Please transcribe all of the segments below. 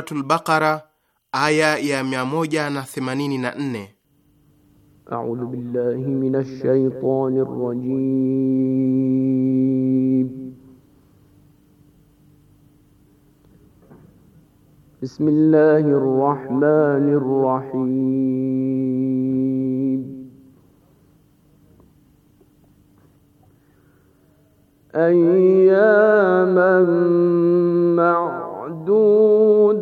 Suratul Baqara aya ya 184. A'udhu billahi minash shaitanir rajim. Bismillahir rahmanir rahim. Ayyaman ma'dud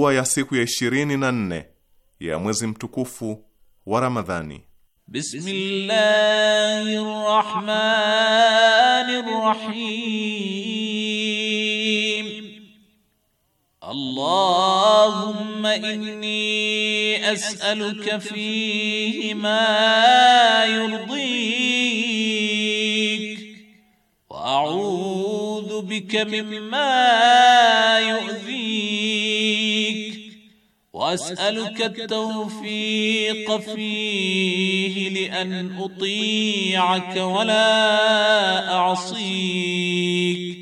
dua ya siku ya ishirini na nne ya mwezi mtukufu wa Ramadhani. Bismillahirrahmanirrahim. Allahumma inni as'aluka fihi ma yurdik wa a'udhu bika mimma yu'dhik واسالك التوفيق فيه لان اطيعك ولا اعصيك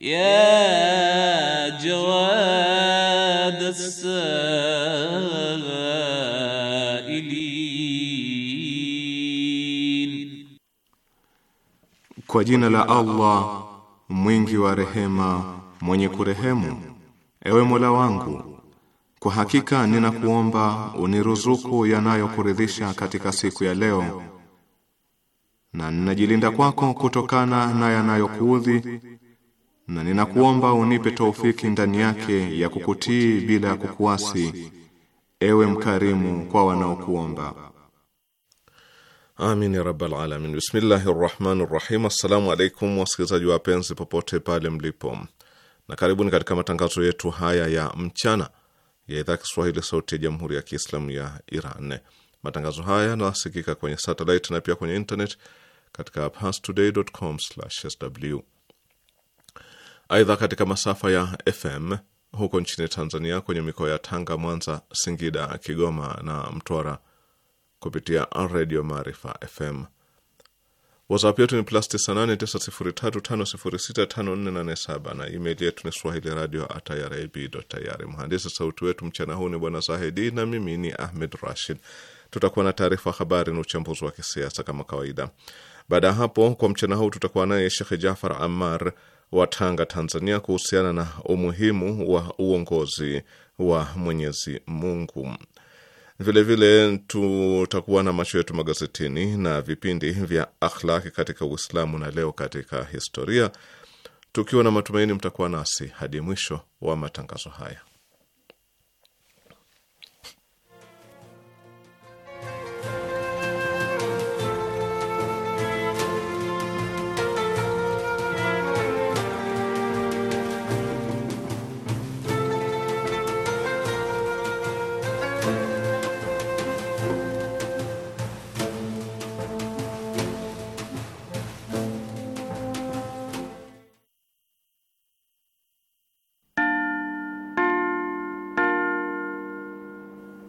يا جواد السائلين كوجين لا الله موينجي ورحمه موينجي كرهمه ايوه مولا وانكو Kwa hakika ninakuomba uniruzuku yanayokuridhisha katika siku ya leo, na ninajilinda kwako kutokana na yanayokuudhi, na ninakuomba unipe taufiki ndani yake ya kukutii bila ya kukuasi, ewe mkarimu kwa wanaokuomba. Amin ya rabbal alamin. Bismillahir rahmanir rahim. Assalamu alaikum wasikilizaji wapenzi popote pale mlipo, na karibuni katika matangazo yetu haya ya mchana ya idhaa Kiswahili sauti ya jamhuri ya Kiislamu ya Iran. Matangazo haya yanasikika kwenye satelit na pia kwenye internet katika parstoday.com/sw. Aidha, katika masafa ya FM huko nchini Tanzania, kwenye mikoa ya Tanga, Mwanza, Singida, Kigoma na Mtwara kupitia Radio Maarifa FM. WhatsApp yetu ni plus 989035065487 na email yetu ni swahili radio irib. Mhandisi sauti wetu mchana huu ni bwana zahidi na mimi ni Ahmed Rashid. Tutakuwa na taarifa habari na uchambuzi wa kisiasa kama kawaida. Baada ya hapo, kwa mchana huu tutakuwa naye Shekhe Jafar Ammar wa Tanga, Tanzania, kuhusiana na umuhimu wa uongozi wa Mwenyezi Mungu. Vilevile tutakuwa na macho yetu magazetini na vipindi vya akhlaki katika Uislamu na leo katika historia, tukiwa na matumaini mtakuwa nasi hadi mwisho wa matangazo haya.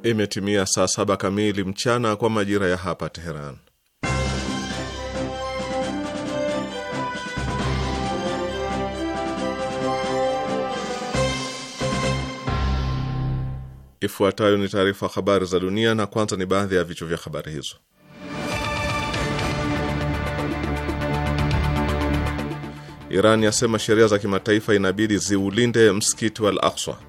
Imetimia saa saba kamili mchana kwa majira ya hapa Teheran. Ifuatayo ni taarifa habari za dunia, na kwanza ni baadhi ya vichwa vya habari hizo. Iran yasema sheria za kimataifa inabidi ziulinde msikiti wa Al-Aqsa.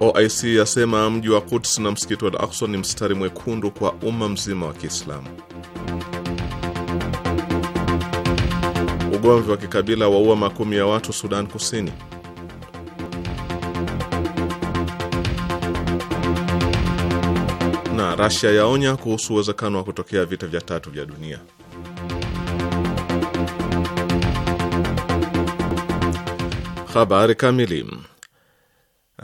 OIC yasema mji wa Quds na msikiti wa Al-Aqsa ni mstari mwekundu kwa umma mzima wa Kiislamu. Ugomvi wa kikabila waua makumi ya watu Sudan Kusini. Na Russia yaonya kuhusu uwezekano wa kutokea vita vya tatu vya dunia. Habari kamili.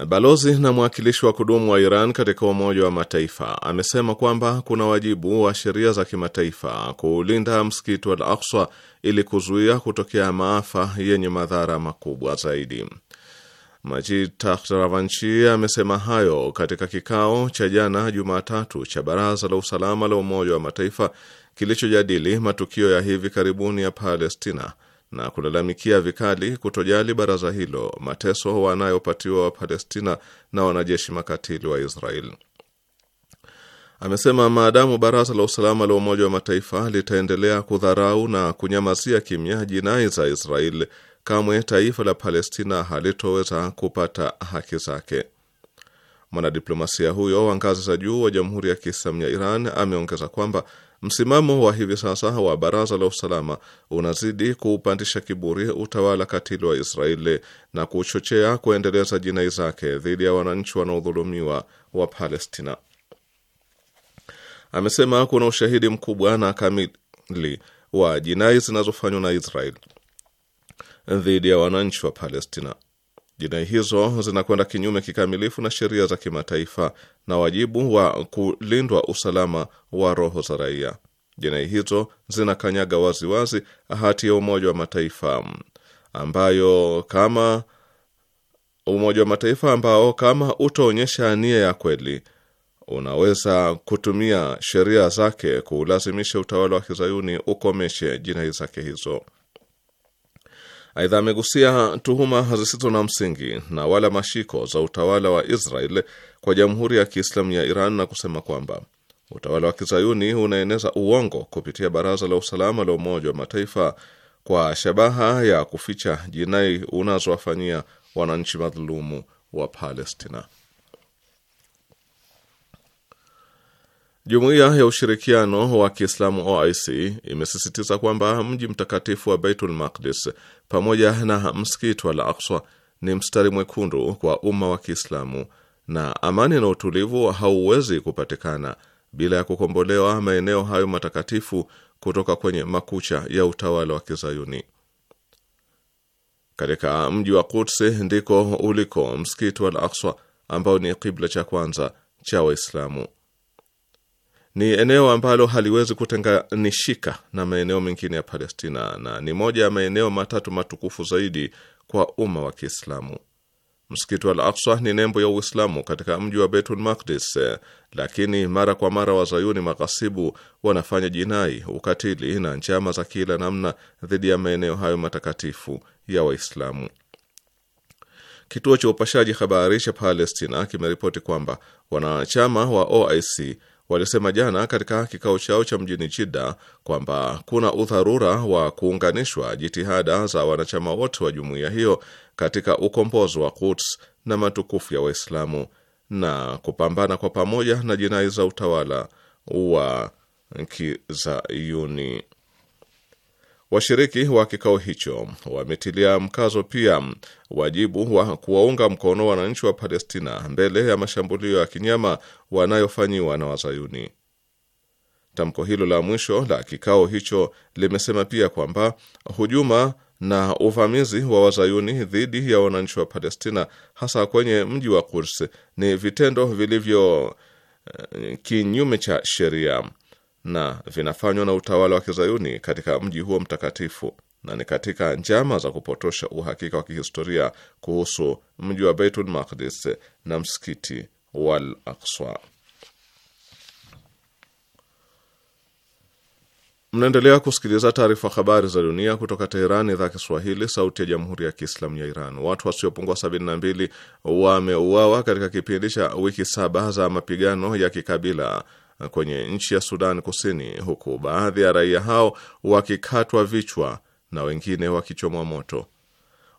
Balozi na mwakilishi wa kudumu wa Iran katika Umoja wa Mataifa amesema kwamba kuna wajibu wa sheria za kimataifa kuulinda msikiti wa Al-Aqsa ili kuzuia kutokea maafa yenye madhara makubwa zaidi. Majid amesema hayo katika kikao cha jana Jumatatu cha Baraza la Usalama la Umoja wa Mataifa kilichojadili matukio ya hivi karibuni ya Palestina na kulalamikia vikali kutojali baraza hilo mateso wanayopatiwa Wapalestina na wanajeshi makatili wa Israel. Amesema maadamu baraza la usalama la Umoja wa Mataifa litaendelea kudharau na kunyamazia kimya jinai za Israel, kamwe taifa la Palestina halitoweza kupata haki zake. Mwanadiplomasia huyo wa ngazi za juu wa Jamhuri ya Kiislamu ya Iran ameongeza kwamba Msimamo wa hivi sasa wa Baraza la Usalama unazidi kuupandisha kiburi utawala katili wa Israeli na kuchochea kuendeleza jinai zake dhidi ya wananchi wanaodhulumiwa wa Palestina. Amesema kuna ushahidi mkubwa na kamili wa jinai zinazofanywa na Israeli dhidi ya wananchi wa Palestina. Jinai hizo zinakwenda kinyume kikamilifu na sheria za kimataifa na wajibu wa kulindwa usalama wa roho za raia. Jinai hizo zinakanyaga waziwazi hati ya Umoja wa Mataifa ambayo kama Umoja wa Mataifa ambao kama utaonyesha nia ya kweli unaweza kutumia sheria zake kuulazimisha utawala wa kizayuni ukomeshe jinai zake hizo. Aidha, amegusia tuhuma zisizo na msingi na wala mashiko za utawala wa Israel kwa Jamhuri ya Kiislamu ya Iran na kusema kwamba utawala wa kizayuni unaeneza uongo kupitia Baraza la Usalama la Umoja wa Mataifa kwa shabaha ya kuficha jinai unazowafanyia wananchi madhulumu wa Palestina. Jumuiya ya Ushirikiano wa Kiislamu OIC imesisitiza kwamba mji mtakatifu wa Baitul Maqdis pamoja na msikiti wa Al-Aqsa ni mstari mwekundu kwa umma wa Kiislamu na amani na utulivu hauwezi kupatikana bila ya kukombolewa maeneo hayo matakatifu kutoka kwenye makucha ya utawala wa Kizayuni. Katika mji wa Quds ndiko uliko msikiti wa Al-Aqsa ambao ni kibla cha kwanza cha Waislamu. Ni eneo ambalo haliwezi kutenganishika na maeneo mengine ya Palestina na ni moja ya maeneo matatu matukufu zaidi kwa umma wa Kiislamu. Msikiti wa Al Aksa ni nembo ya Uislamu katika mji wa Betul Makdis, lakini mara kwa mara wazayuni maghasibu wanafanya jinai, ukatili na njama za kila namna dhidi ya maeneo hayo matakatifu ya Waislamu. Kituo cha upashaji habari cha Palestina kimeripoti kwamba wanachama wa OIC walisema jana katika kikao chao cha mjini jida kwamba kuna udharura wa kuunganishwa jitihada za wanachama wote wa jumuiya hiyo katika ukombozi wa Quds na matukufu ya Waislamu na kupambana kwa pamoja na jinai za utawala wa kizayuni. Washiriki wa kikao hicho wametilia mkazo pia wajibu wa kuwaunga mkono wananchi wa Palestina mbele ya mashambulio ya kinyama wanayofanyiwa na Wazayuni. Tamko hilo la mwisho la kikao hicho limesema pia kwamba hujuma na uvamizi wa Wazayuni dhidi ya wananchi wa Palestina, hasa kwenye mji wa Quds, ni vitendo vilivyo eh, kinyume cha sheria na vinafanywa na utawala wa kizayuni katika mji huo mtakatifu, na ni katika njama za kupotosha uhakika wa kihistoria kuhusu mji wa Baitul Maqdis na msikiti wal Aqsa. Mnaendelea kusikiliza taarifa habari za dunia kutoka Teheran, idhaa Kiswahili, sauti ya jamhuri ya kiislamu ya Iran. Watu wasiopungua 72 wameuawa katika kipindi cha wiki saba za mapigano ya kikabila Eh, kwenye nchi ya Sudan Kusini, huku baadhi ya raia hao wakikatwa vichwa na wengine wakichomwa moto.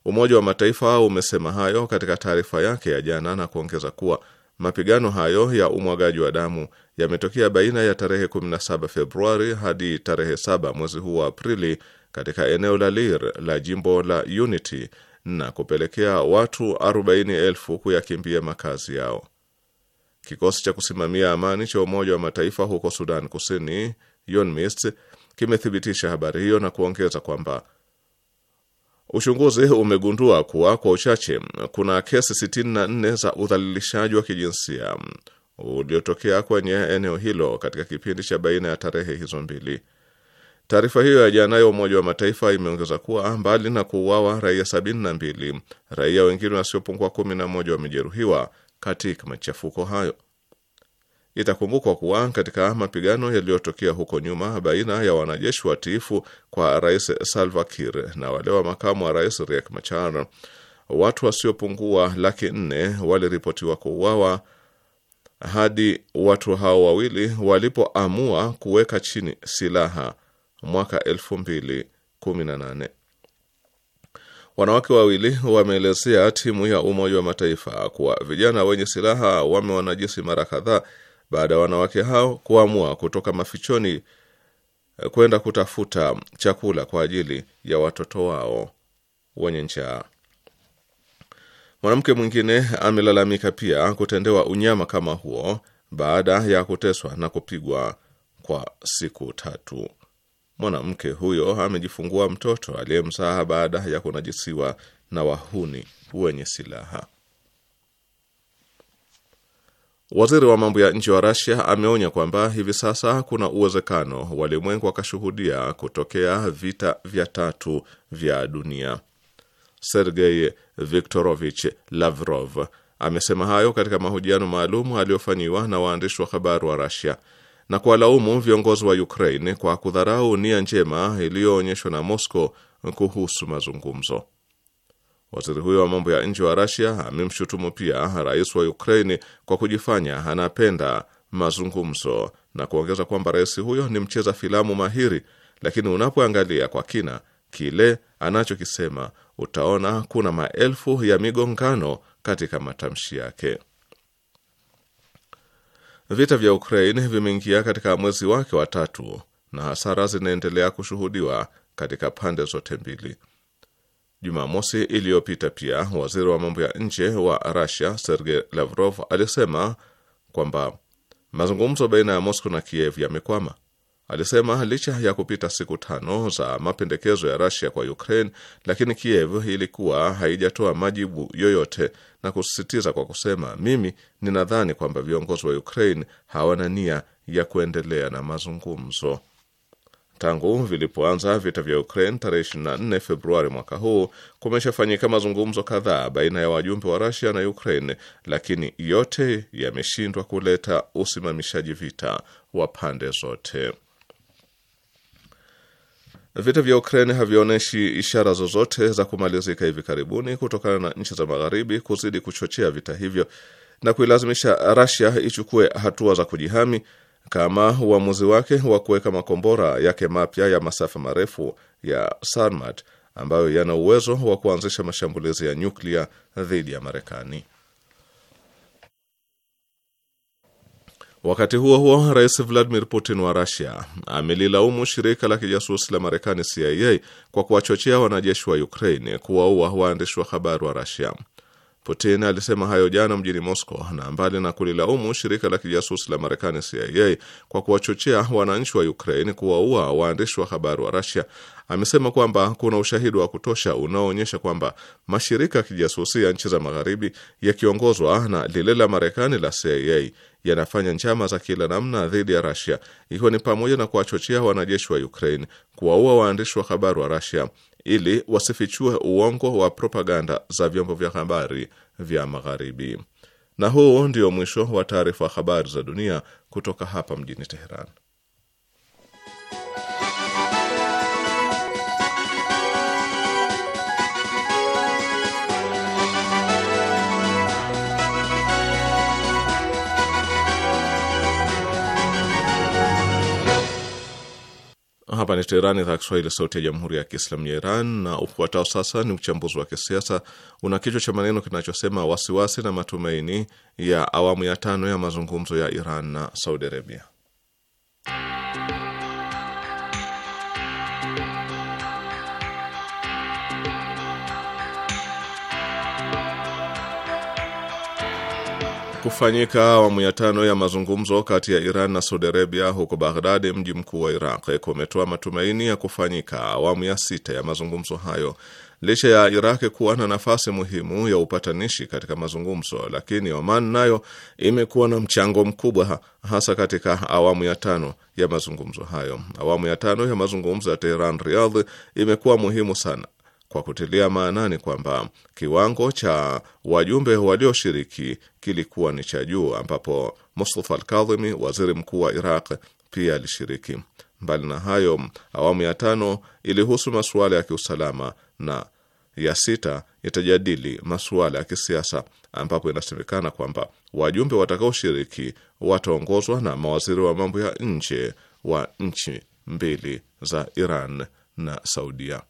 Umoja wa Mataifa hao umesema hayo katika taarifa yake ya jana na kuongeza kuwa mapigano hayo ya umwagaji wa damu yametokea baina ya tarehe 17 Februari hadi tarehe 7 mwezi huu wa Aprili katika eneo la Lir la jimbo la Unity na kupelekea watu elfu kuyakimbia makazi yao. Kikosi cha kusimamia amani cha Umoja wa Mataifa huko Sudan Kusini, UNMISS, kimethibitisha habari hiyo na kuongeza kwamba uchunguzi umegundua kuwa kwa uchache kuna kesi 64 za udhalilishaji wa kijinsia uliotokea kwenye eneo hilo katika kipindi cha baina ya tarehe hizo mbili. Taarifa hiyo ya jana ya Umoja wa Mataifa imeongeza kuwa mbali na kuuawa raia 72, raia wengine wasiopungua 11 wamejeruhiwa katika machafuko hayo. Itakumbukwa kuwa katika mapigano yaliyotokea huko nyuma baina ya wanajeshi watiifu kwa Rais Salva Kiir na wale wa makamu wa rais Riek Machar, watu wasiopungua laki nne waliripotiwa kuuawa hadi watu hao wawili walipoamua kuweka chini silaha mwaka elfu mbili kumi na nane. Wanawake wawili wameelezea timu ya Umoja wa Mataifa kuwa vijana wenye silaha wamewanajisi mara kadhaa baada ya wanawake hao kuamua kutoka mafichoni eh, kwenda kutafuta chakula kwa ajili ya watoto wao wenye njaa. Mwanamke mwingine amelalamika pia kutendewa unyama kama huo baada ya kuteswa na kupigwa kwa siku tatu mwanamke huyo amejifungua mtoto aliyemzaa baada ya kunajisiwa na wahuni wenye silaha. Waziri wa mambo ya nje wa Rasia ameonya kwamba hivi sasa kuna uwezekano walimwengu wakashuhudia kutokea vita vya tatu vya dunia. Sergei Viktorovich Lavrov amesema hayo katika mahojiano maalum aliyofanyiwa na waandishi wa habari wa Rasia na kuwalaumu viongozi wa Ukraine kwa kudharau nia njema iliyoonyeshwa na Moscow kuhusu mazungumzo. Waziri huyo wa mambo ya nje wa Rasia amemshutumu pia rais wa Ukraini kwa kujifanya anapenda mazungumzo na kuongeza kwamba rais huyo ni mcheza filamu mahiri, lakini unapoangalia kwa kina kile anachokisema utaona kuna maelfu ya migongano katika matamshi yake. Vita vya Ukraine vimeingia katika mwezi wake wa tatu na hasara zinaendelea kushuhudiwa katika pande zote mbili. Jumamosi iliyopita pia waziri wa mambo ya nje wa Russia Sergei Lavrov alisema kwamba mazungumzo baina ya Moscow na Kiev yamekwama. Alisema licha ya kupita siku tano za mapendekezo ya Russia kwa Ukraine, lakini Kiev ilikuwa haijatoa majibu yoyote, na kusisitiza kwa kusema, mimi ninadhani kwamba viongozi wa Ukraine hawana nia ya kuendelea na mazungumzo. Tangu vilipoanza vita vya Ukraine tarehe 24 Februari mwaka huu, kumeshafanyika mazungumzo kadhaa baina ya wajumbe wa Russia na Ukraine, lakini yote yameshindwa kuleta usimamishaji vita wa pande zote. Vita vya Ukraine havionyeshi ishara zozote za kumalizika hivi karibuni kutokana na nchi za magharibi kuzidi kuchochea vita hivyo na kuilazimisha Russia ichukue hatua za kujihami kama uamuzi wake wa kuweka makombora yake mapya ya masafa marefu ya Sarmat ambayo yana uwezo wa kuanzisha mashambulizi ya nyuklia dhidi ya Marekani. Wakati huo huo, Rais Vladimir Putin wa rusia amelilaumu shirika la kijasusi la Marekani CIA kwa kuwachochea wanajeshi wa Ukraine kuwaua waandishi wa habari wa rusia Putin alisema hayo jana mjini Moscow, na mbali na kulilaumu shirika la kijasusi la Marekani CIA kwa kuwachochea wananchi wa Ukraine kuwaua waandishi wa habari wa rasia amesema kwamba kuna ushahidi wa kutosha unaoonyesha kwamba mashirika ya kijasusi ya nchi za magharibi yakiongozwa na lile la Marekani la CIA yanafanya njama za kila namna dhidi ya rasia ikiwa ni pamoja na kuwachochea wanajeshi wa Ukraine kuwaua waandishi wa habari wa rasia ili wasifichue uongo wa propaganda za vyombo vya habari vya magharibi. Na huu ndio mwisho wa taarifa habari za dunia kutoka hapa mjini Teheran. Hapa ni Teherani, idhaa ya Kiswahili, sauti ya jamhuri ya kiislamu ya Iran. Na ufuatao sasa ni uchambuzi wa kisiasa una kichwa cha maneno kinachosema wasiwasi na matumaini ya awamu ya tano ya mazungumzo ya Iran na Saudi Arabia. kufanyika awamu ya tano ya mazungumzo kati ya Iran na Saudi Arabia huko Baghdad, mji mkuu wa Iraq, kumetoa matumaini ya kufanyika awamu ya sita ya mazungumzo hayo. Licha ya Iraq kuwa na nafasi muhimu ya upatanishi katika mazungumzo, lakini Oman nayo imekuwa na mchango mkubwa hasa katika awamu ya tano ya mazungumzo hayo. Awamu ya tano ya mazungumzo ya Teheran Riyadh imekuwa muhimu sana kwa kutilia maanani kwamba kiwango cha wajumbe walioshiriki kilikuwa ni cha juu, ambapo Mustafa Al-Kadhimi, waziri mkuu wa Iraq, pia alishiriki. Mbali na hayo, awamu ya tano ilihusu masuala ya kiusalama na ya sita itajadili masuala ya kisiasa, ambapo inasemekana kwamba wajumbe watakaoshiriki wataongozwa na mawaziri wa mambo ya nje wa nchi mbili za Iran na Saudia.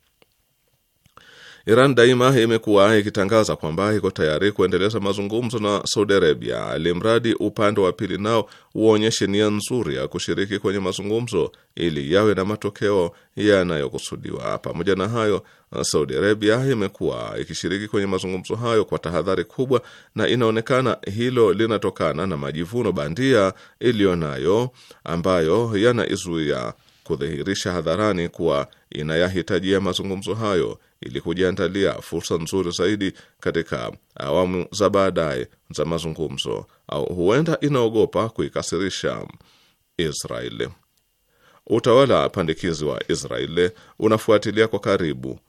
Iran daima imekuwa ikitangaza kwamba iko tayari kuendeleza mazungumzo na Saudi Arabia, alimradi upande wa pili nao uonyeshe nia nzuri ya kushiriki kwenye mazungumzo ili yawe na matokeo yanayokusudiwa. Pamoja na hayo, Saudi Arabia imekuwa ikishiriki kwenye mazungumzo hayo kwa tahadhari kubwa, na inaonekana hilo linatokana na majivuno bandia iliyo nayo ambayo yanaizuia kudhihirisha hadharani kuwa inayahitajia mazungumzo hayo ili kujiandalia fursa nzuri zaidi katika awamu za baadaye za mazungumzo, au huenda inaogopa kuikasirisha Israeli. Utawala pandikizi wa Israeli unafuatilia kwa karibu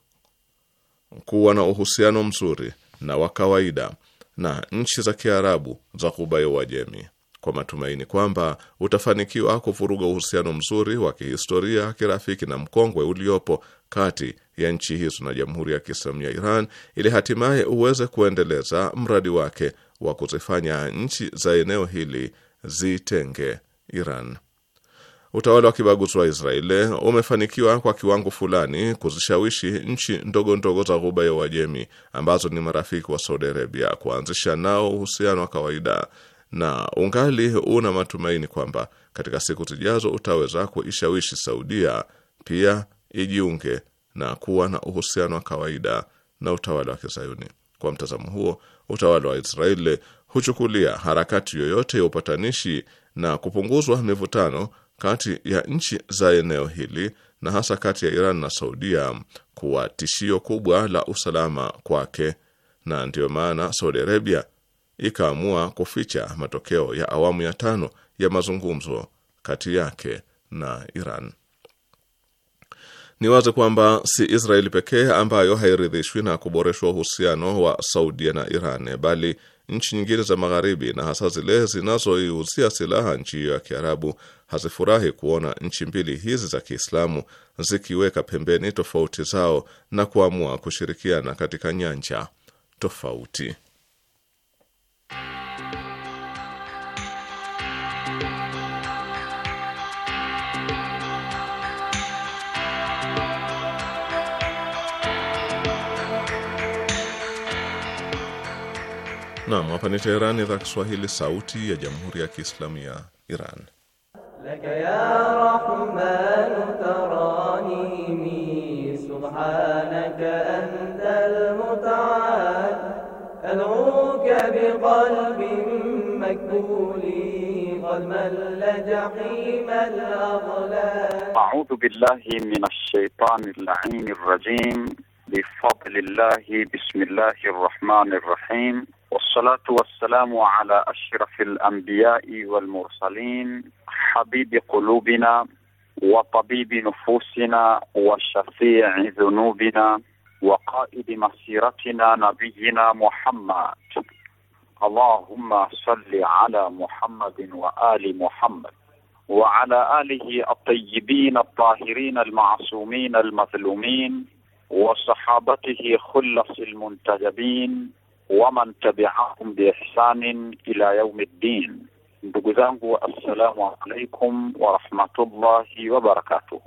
kuwa na uhusiano mzuri na wa kawaida na nchi za Kiarabu za Ghuba ya Uajemi kwa matumaini kwamba utafanikiwa kuvuruga uhusiano mzuri wa kihistoria, kirafiki na mkongwe uliopo kati ya nchi hizo na Jamhuri ya Kiislamu ya Iran ili hatimaye uweze kuendeleza mradi wake wa kuzifanya nchi za eneo hili zitenge Iran. Utawala wa kibaguzi wa Israeli umefanikiwa kwa kiwango fulani kuzishawishi nchi ndogo ndogo za Ghuba ya Uajemi ambazo ni marafiki wa Saudi Arabia kuanzisha nao uhusiano wa kawaida na ungali una matumaini kwamba katika siku zijazo utaweza kuishawishi Saudia pia ijiunge na kuwa na uhusiano wa kawaida na utawala wa Kizayuni. Kwa mtazamo huo, utawala wa Israeli huchukulia harakati yoyote ya upatanishi na kupunguzwa mivutano kati ya nchi za eneo hili na hasa kati ya Iran na Saudia kuwa tishio kubwa la usalama kwake, na ndiyo maana Saudi Arabia ikaamua kuficha matokeo ya awamu ya tano ya mazungumzo kati yake na Iran. Ni wazi kwamba si Israeli pekee ambayo hairidhishwi na kuboreshwa uhusiano wa Saudia na Iran, bali nchi nyingine za Magharibi na hasa zile zinazoiuzia silaha nchi hiyo ya Kiarabu hazifurahi kuona nchi mbili hizi za Kiislamu zikiweka pembeni tofauti zao na kuamua kushirikiana katika nyanja tofauti. Naam, hapa ni Teherani, idhaa Kiswahili, sauti ya jamhuri ya kiislamu ya Iran. Laka ya rahmanu taranimi subhanaka antal a'udhu billahi minash shaitani al rajim بفضل الله بسم الله الرحمن الرحيم والصلاة والسلام على أشرف الأنبياء والمرسلين حبيب قلوبنا وطبيب نفوسنا وشفيع ذنوبنا وقائد مسيرتنا نبينا محمد اللهم صل على محمد وآل محمد وعلى آله الطيبين الطاهرين المعصومين المظلومين وصحابته خلص المنتجبين ومن تبعهم بإحسان إلى يوم الدين بجزانكو السلام عليكم ورحمة الله وبركاته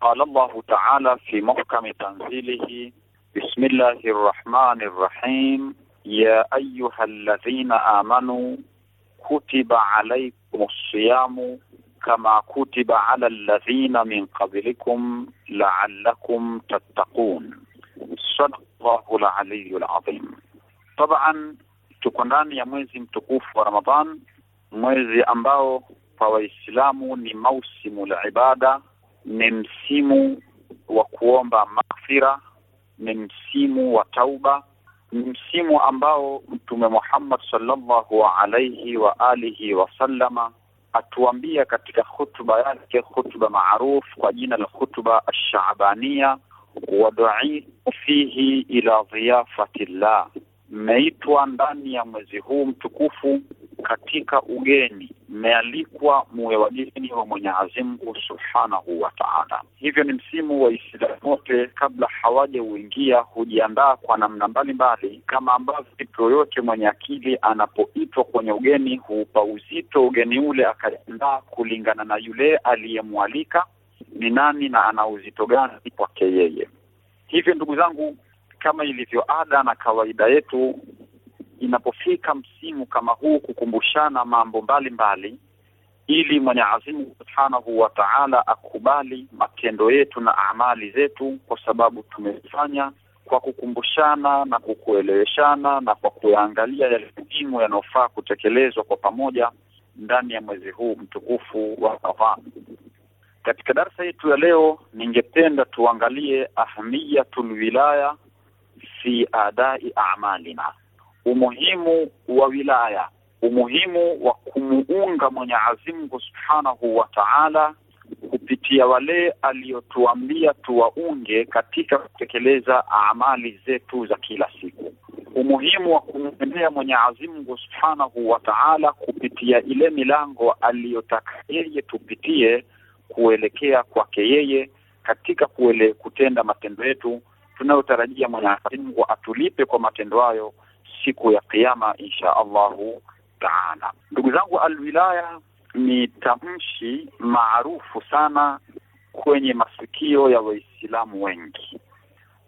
قال الله تعالى في محكم تنزيله بسم الله الرحمن الرحيم يا أيها الذين آمنوا كتب عليكم الصيام كما كتب على الذين من قبلكم لعلكم تتقون صدق الله العلي العظيم Taban, tuko ndani ya mwezi mtukufu wa Ramadhan, mwezi ambao kwa Waislamu ni mausimu la ibada, ni msimu wa kuomba maghfira, ni msimu wa tauba, ni msimu ambao Mtume Muhammad sallallahu alaihi wa alihi wasallama atuambia katika khutba yake, khutba maruf kwa jina la khutba Ashabania, waduitu fihi ila dhiafati llah mmeitwa ndani ya mwezi huu mtukufu katika ugeni, mmealikwa muwe wageni wa Mwenyezi Mungu subhanahu wa taala. Hivyo ni msimu wa Islamu wote kabla huingia hujiandaa kwa namna mbalimbali, kama ambavyo mtu yoyote mwenye akili anapoitwa kwenye ugeni huupa uzito ugeni ule, akajiandaa kulingana na yule aliyemwalika ni nani na ana uzito gani kwake yeye. Hivyo ndugu zangu kama ilivyo ada na kawaida yetu, inapofika msimu kama huu, kukumbushana mambo mbalimbali mbali, ili Mwenyezi Mungu Subhanahu wa Ta'ala akubali matendo yetu na amali zetu, kwa sababu tumefanya kwa kukumbushana na kukueleweshana na kwa kuyaangalia yale muhimu yanayofaa kutekelezwa kwa pamoja ndani ya mwezi huu mtukufu wa Ramadhan. Katika darsa yetu ya leo, ningependa tuangalie ahamiyatul wilaya fi adai amalina, umuhimu wa wilaya, umuhimu wa kumuunga Mwenyezi Mungu Subhanahu wa Ta'ala kupitia wale aliyotuambia tuwaunge katika kutekeleza amali zetu za kila siku, umuhimu wa kumwendea Mwenyezi Mungu Subhanahu wa Ta'ala kupitia ile milango aliyotaka yeye tupitie kuelekea kwake yeye katika kuele, kutenda matendo yetu tunayotarajia Mwenyezi Mungu atulipe kwa matendo hayo siku ya Kiyama, insha Allahu taala. Ndugu zangu, alwilaya ni tamshi maarufu sana kwenye masikio ya Waislamu wengi.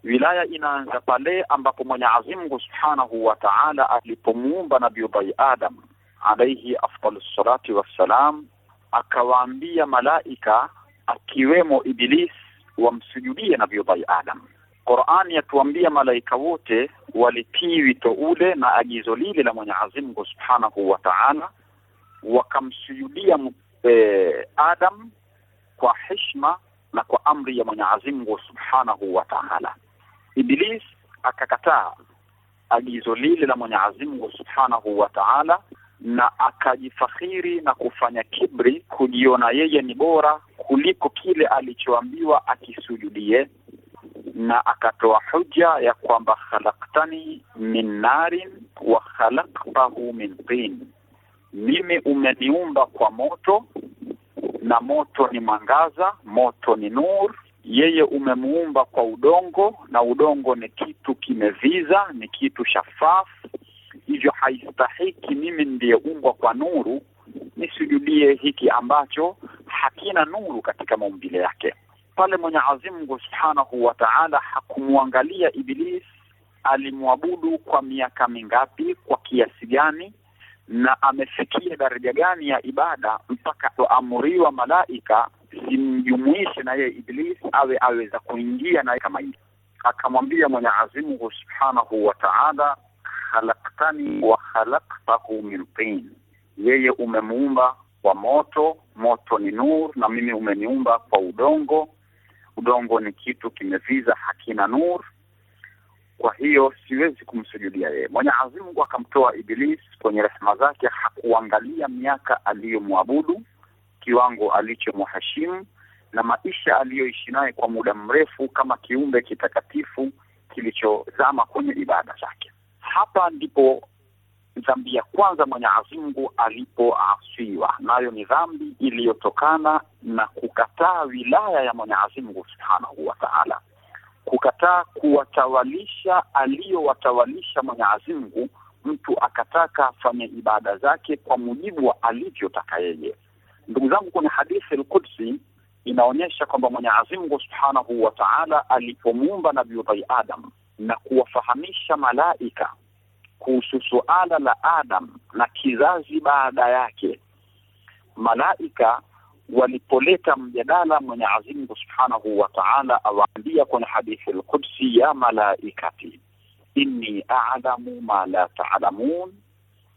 Wilaya inaanza pale ambapo Mwenyezi Mungu subhanahu wa taala alipomuumba Nabiullahi Adam alaihi afdalu salati wassalam, akawaambia malaika akiwemo Iblis wamsujudie Nabiullahi Adam Qur'ani yatuambia malaika wote walitii wito ule na agizo lile la Mwenyezi Mungu Subhanahu wa Ta'ala, wakamsujudia e, Adam kwa heshima na kwa amri ya Mwenyezi Mungu Subhanahu wa Ta'ala. Iblis akakataa agizo lile la Mwenyezi Mungu Subhanahu wa Ta'ala na akajifakhiri na kufanya kibri, kujiona yeye ni bora kuliko kile alichoambiwa akisujudie na akatoa huja ya kwamba khalaktani min narin wa khalaktahu min tin, mimi umeniumba kwa moto na moto ni mwangaza, moto ni nur. Yeye umemuumba kwa udongo na udongo ni kitu kimeviza, ni kitu shafafu, hivyo haistahiki mimi umbwa kwa nuru nisujudie hiki ambacho hakina nuru katika maumbile yake pale Mwenyezi Mungu Subhanahu wa Ta'ala hakumwangalia Iblis alimwabudu kwa miaka mingapi, kwa kiasi gani, na amefikia daraja gani ya ibada mpaka aamuriwa malaika simjumuishe na yeye Iblis awe aweza kuingia naye kama hivi. Akamwambia Mwenyezi Mungu Subhanahu wa Ta'ala, khalaqtani wa khalaqtahu min tin, yeye umemuumba kwa moto, moto ni nur, na mimi umeniumba kwa udongo Udongo ni kitu kimeviza, hakina nur. Kwa hiyo siwezi kumsujudia yeye. Mwenyezi Mungu akamtoa Iblis kwenye rehema zake, hakuangalia miaka aliyomwabudu, kiwango alichomheshimu na maisha aliyoishi naye kwa muda mrefu kama kiumbe kitakatifu kilichozama kwenye ibada zake. Hapa ndipo dhambi ya kwanza Mwenyezi Mungu alipoasiwa, nayo ni dhambi iliyotokana na kukataa wilaya ya Mwenyezi Mungu subhanahu wa taala, kukataa kuwatawalisha aliyowatawalisha Mwenyezi Mungu. Mtu akataka afanye ibada zake kwa mujibu wa alivyotaka yeye. Ndugu zangu, kwenye hadithi lkudsi inaonyesha kwamba Mwenyezi Mungu subhanahu wa taala alipomuumba Nabii Adam na kuwafahamisha malaika kuhusu suala la Adam na kizazi baada yake, malaika walipoleta mjadala, Mwenyezi Mungu Subhanahu wa Ta'ala awaambia kwenye hadithi Alqudsi, ya malaikati inni a'lamu ma la ta'lamun,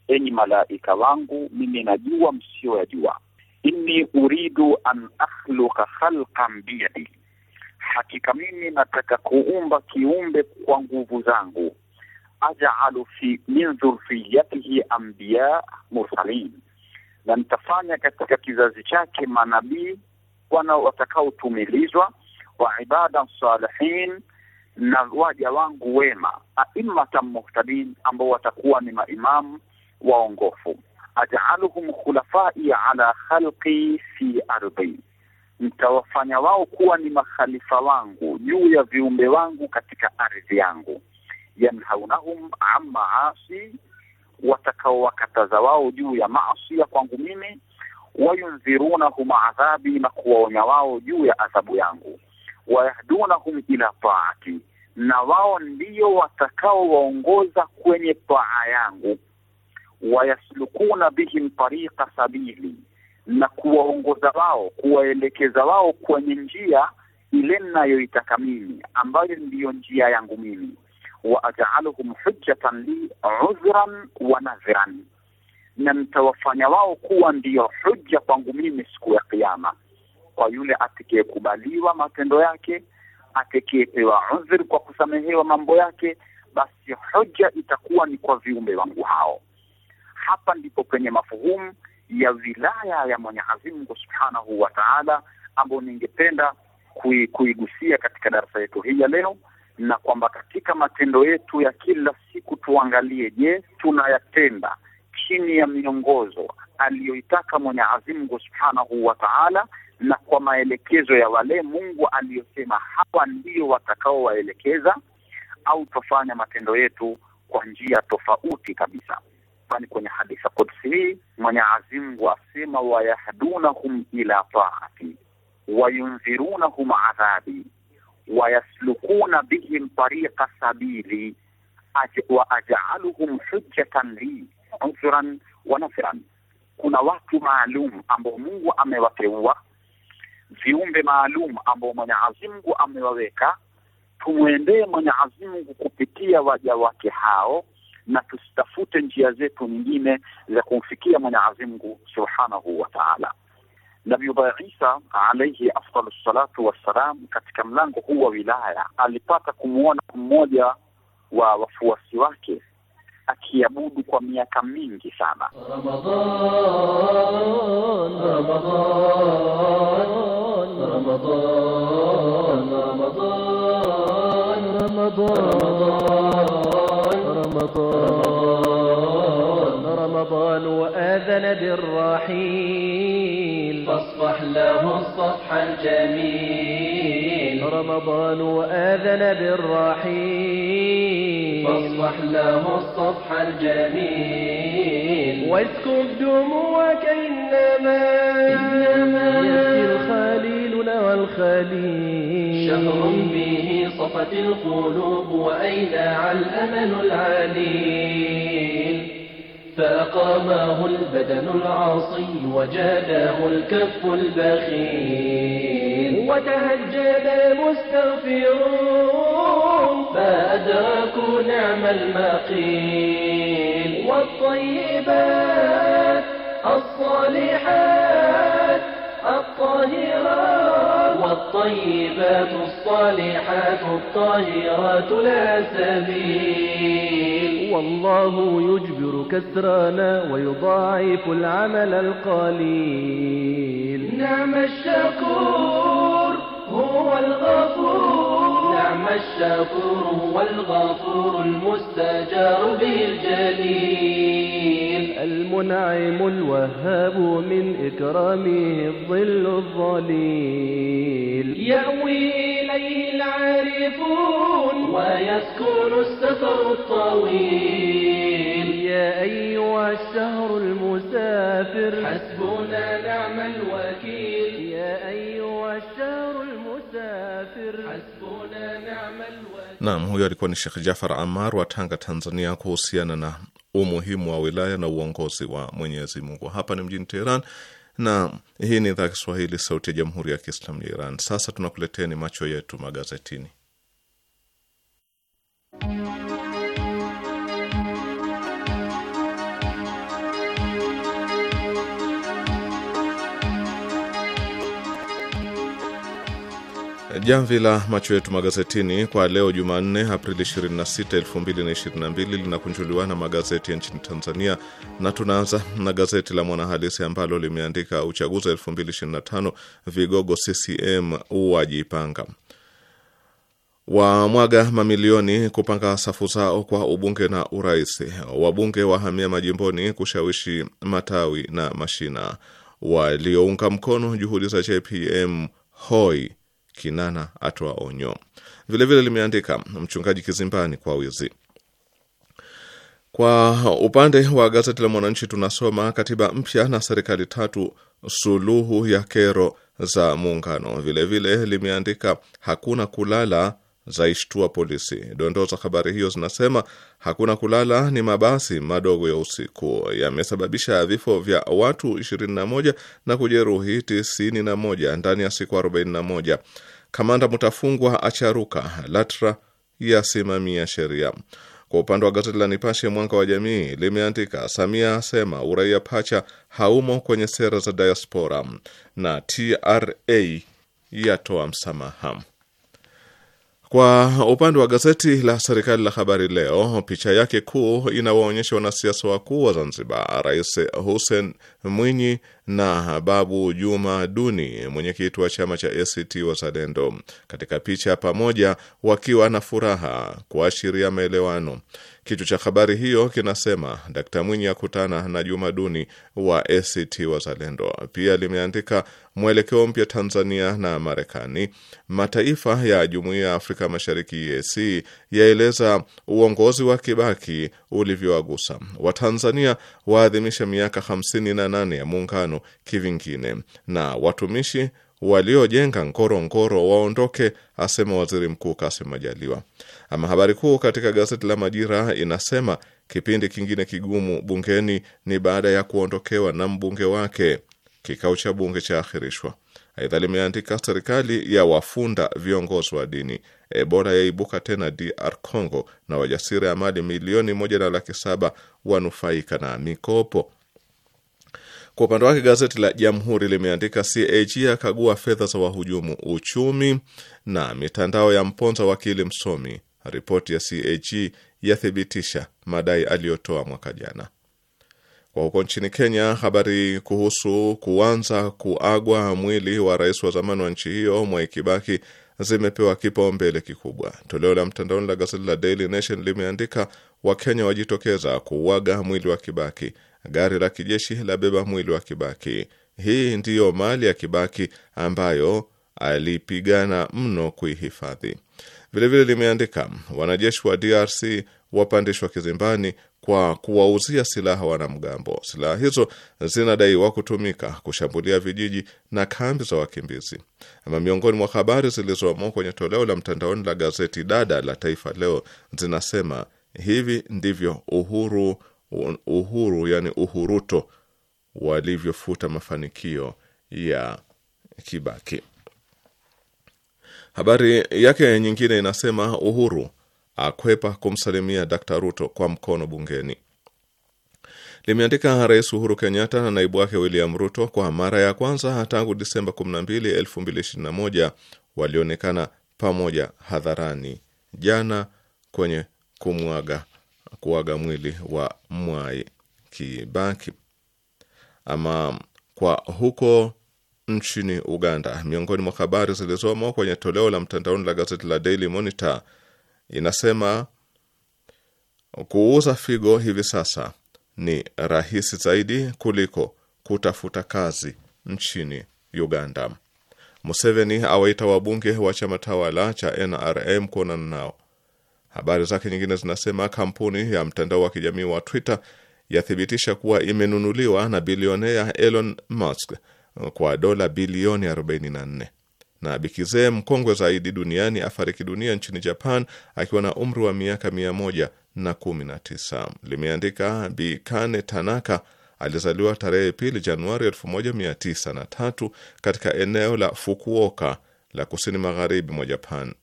enyi malaika wangu mimi najua msio yajua Inni uridu an akhluqa khalqan biyadi, hakika mimi nataka kuumba kiumbe kwa nguvu zangu ajalu fi min dhurriyatihi anbiya mursalin, na nitafanya katika kizazi chake manabii wana watakaotumilizwa wa ibada salihin, na waja wangu wema aimmatan muhtadin, ambao watakuwa ni maimamu waongofu. Ajaluhum khulafai ala khalqi fi ardhi nitawafanya wao kuwa ni makhalifa wangu juu ya viumbe wangu katika ardhi yangu yanhaunahum an maasi, watakaowakataza wao juu ya maasi ya kwangu mimi, wayundhirunahum adhabi, na kuwaonya wao juu ya adhabu yangu, wayahdunahum ila taati, na wao ndiyo watakaowaongoza kwenye paa yangu, wayaslukuna bihim tariqa sabili, na kuwaongoza wao kuwaelekeza wao kwenye njia ile ninayoitaka mimi, ambayo ndiyo njia yangu mimi wa aj'aluhum hujjatan li udhran wa nadhiran, na mtawafanya wao kuwa ndiyo hujja kwangu mimi siku ya Kiyama, kwa yule atakayekubaliwa matendo yake, atakayepewa udhur kwa kusamehewa mambo yake, basi hujja itakuwa ni kwa viumbe wangu hao. Hapa ndipo penye mafuhumu ya wilaya ya Mwenyezi Mungu Subhanahu wa Ta'ala, ambayo ningependa kuigusia katika darasa yetu hii ya leo na kwamba katika matendo yetu ya kila siku tuangalie, je, tunayatenda chini ya miongozo aliyoitaka Mwenyezi Mungu Subhanahu wa Ta'ala, na kwa maelekezo ya wale Mungu aliyosema hawa ndio watakaowaelekeza, au tufanya matendo yetu kwa njia tofauti kabisa. Kwani kwenye haditha kudsi hii Mwenyezi Mungu asema, wayahdunahum ila taati wayundhirunahum adhabi wayaslukuna bihim tariqa sabili wa ajaaluhum hujjatan li ansuran wa nasran, kuna watu maalum ambao Mungu amewateua viumbe maalum ambao Mwenyezi Mungu amewaweka. Tumwendee Mwenyezi Mungu kupitia waja wake hao, na tusitafute njia zetu nyingine za kumfikia Mwenyezi Mungu subhanahu wa taala. Nabi Bwana Isa alaihi afdalu salatu wassalam, katika mlango huu wa wilaya alipata kumwona mmoja wa wafuasi wake akiabudu kwa miaka mingi sana. Ramadan, Ramadan, Ramadan, Ramadan, Ramadan, Ramadan. رمضان وآذن بالرحيل فاصفح له الصفح الجميل رمضان وآذن بالرحيل فاصفح له الصفح الجميل واسكب دموعك إنما إنما يبكي الخليل والخليل شهر به صفت القلوب وأينع الأمل العليل فأقاماه البدن العاصي وجاداه الكف البخيل وتهجد المستغفرون فأدركوا نعم المقيل والطيبات الصالحات الطاهرات والطيبات الصالحات الطاهرات لا سبيل والله يجبر كسرانا ويضاعف العمل القليل نعم الشكور هو الغفور نعم الشكور هو الغفور المستجار الجليل المنعم الوهاب من إكرامه الظل الظليل يأوي إليه العارفون ويسكن السفر الطويل يا أيها الشهر المسافر حسبنا نعم الوكيل يا أيها الشهر المسافر حسبنا نعم الوكيل Naam, huyo alikuwa ni shekh Jafar Amar wa Tanga, Tanzania, kuhusiana na umuhimu wa wilaya na uongozi wa Mwenyezi Mungu. Hapa ni mjini Teheran na hii ni idhaa Kiswahili sauti ya Jamhuri ya Kiislamu ya Iran. Sasa tunakuletea ni macho yetu magazetini Jamvi la macho yetu magazetini kwa leo Jumanne, Aprili 26, 2022 linakunjuliwa na magazeti ya nchini Tanzania, na tunaanza na gazeti la Mwanahalisi ambalo limeandika uchaguzi 2025 vigogo CCM wajipanga, wamwaga mamilioni kupanga safu zao kwa ubunge na urais, wabunge wahamia majimboni kushawishi matawi na mashina, waliounga mkono juhudi za JPM hoi Kinana atoa onyo. Vilevile limeandika mchungaji kizimbani kwa wizi. Kwa upande wa gazeti la Mwananchi tunasoma katiba mpya na serikali tatu, suluhu ya kero za muungano. Vilevile limeandika hakuna kulala zaishtua polisi. Dondoo za habari hiyo zinasema hakuna kulala, ni mabasi madogo ya usiku yamesababisha vifo vya watu 21 na kujeruhi 91 ndani ya siku 41. Kamanda Mutafungwa acharuka, LATRA yasimamia sheria. Kwa upande wa gazeti la Nipashe Mwanga wa Jamii limeandika Samia asema uraia pacha haumo kwenye sera za diaspora, na TRA yatoa msamaha. Kwa upande wa gazeti la serikali la Habari Leo, picha yake kuu inawaonyesha wanasiasa wakuu wa Zanzibar, Rais Hussein Mwinyi na Babu Juma Duni, mwenyekiti wa chama cha ACT Wazalendo, katika picha pamoja wakiwa na furaha kuashiria maelewano. Kichwa cha habari hiyo kinasema Dkt Mwinyi akutana na Jumaduni wa ACT Wazalendo. Pia limeandika mwelekeo mpya Tanzania na Marekani, mataifa ya jumuiya ya Afrika Mashariki EAC yaeleza uongozi wa Kibaki ulivyowagusa, Watanzania waadhimisha miaka 58 ya Muungano kivingine, na watumishi waliojenga Ngorongoro waondoke, asema Waziri Mkuu Kassim Majaliwa. Ama habari kuu katika gazeti la Majira inasema kipindi kingine kigumu bungeni ni baada ya kuondokewa na mbunge wake, kikao cha bunge cha ahirishwa Aidha limeandika serikali ya wafunda viongozi wa dini, Ebola yaibuka tena DR Congo, na amali milioni moja na laki saba wanufaika na mikopo. Kwa upande wake gazeti la Jamhuri limeandika CAG akagua fedha za wahujumu uchumi na mitandao ya mponza wakili msomi Ripoti ya CAG yathibitisha madai aliyotoa mwaka jana. Kwa huko nchini Kenya, habari kuhusu kuanza kuagwa mwili wa rais wa zamani wa nchi hiyo Mwai Kibaki zimepewa kipaumbele kikubwa. Toleo la mtandaoni la gazeti la Daily Nation limeandika Wakenya wajitokeza kuuaga mwili wa Kibaki, gari la kijeshi la beba mwili wa Kibaki. Hii ndiyo mali ya Kibaki ambayo alipigana mno kuihifadhi. Vilevile limeandika wanajeshi wa DRC wapandishwa kizimbani kwa kuwauzia silaha wanamgambo. Silaha hizo zinadaiwa kutumika kushambulia vijiji na kambi za wakimbizi. Ama miongoni mwa habari zilizomo kwenye toleo la mtandaoni la gazeti dada la Taifa Leo zinasema hivi ndivyo uhuru, uhuru yani Uhuruto walivyofuta mafanikio ya Kibaki. Habari yake nyingine inasema Uhuru akwepa kumsalimia d Ruto kwa mkono bungeni. Limeandika Rais Uhuru Kenyatta na naibu wake William Ruto kwa mara ya kwanza tangu Disemba 12, 2021 walionekana pamoja hadharani jana kwenye kumwaga kuaga mwili wa Mwai Kibaki. Ama kwa huko nchini Uganda. Miongoni mwa habari zilizomo kwenye toleo la mtandaoni la gazeti la Daily Monitor inasema kuuza figo hivi sasa ni rahisi zaidi kuliko kutafuta kazi nchini Uganda. Museveni awaita wabunge wa chama tawala cha NRM kuonana nao. Habari zake nyingine zinasema kampuni ya mtandao wa kijamii wa Twitter yathibitisha kuwa imenunuliwa na bilionea Elon Musk kwa dola bilioni 44 na bikizee mkongwe zaidi duniani afariki dunia nchini Japan akiwa na umri wa miaka mia moja na kumi na tisa, limeandika Bikane Tanaka alizaliwa tarehe pili Januari 1903 katika eneo la Fukuoka la kusini magharibi mwa Japan.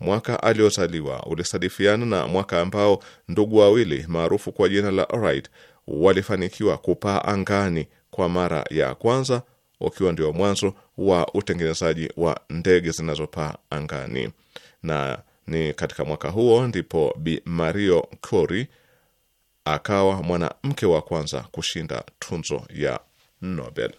Mwaka aliozaliwa ulisadifiana na mwaka ambao ndugu wawili maarufu kwa jina la Wright walifanikiwa kupaa angani kwa mara ya kwanza ukiwa ndio mwanzo wa utengenezaji wa ndege zinazopaa angani, na ni katika mwaka huo ndipo Bi Mario Curie akawa mwanamke wa kwanza kushinda tunzo ya Nobel.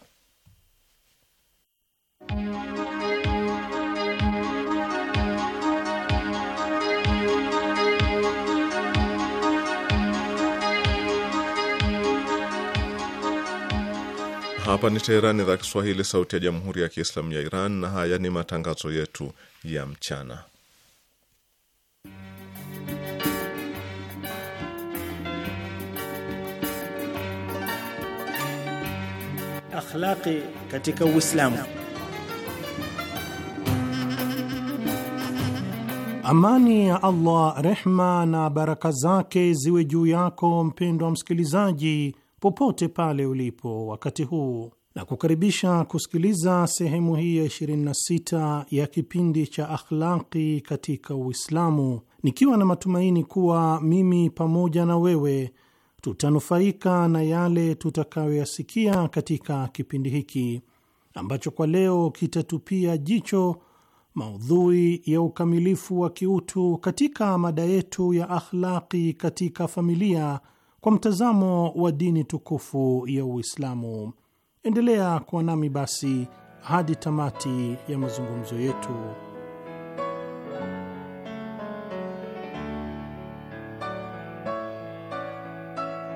Hapa ni Teherani, idhaa Kiswahili, sauti ya jamhuri ya kiislamu ya Iran, na haya ni matangazo yetu ya mchana. Akhlaqi katika Uislamu. Amani ya Allah, rehma na baraka zake ziwe juu yako mpendwa msikilizaji popote pale ulipo wakati huu na kukaribisha kusikiliza sehemu hii ya 26 ya kipindi cha Akhlaqi katika Uislamu, nikiwa na matumaini kuwa mimi pamoja na wewe tutanufaika na yale tutakayoyasikia katika kipindi hiki ambacho kwa leo kitatupia jicho maudhui ya ukamilifu wa kiutu katika mada yetu ya akhlaqi katika familia kwa mtazamo wa dini tukufu ya Uislamu. Endelea kuwa nami basi hadi tamati ya mazungumzo yetu.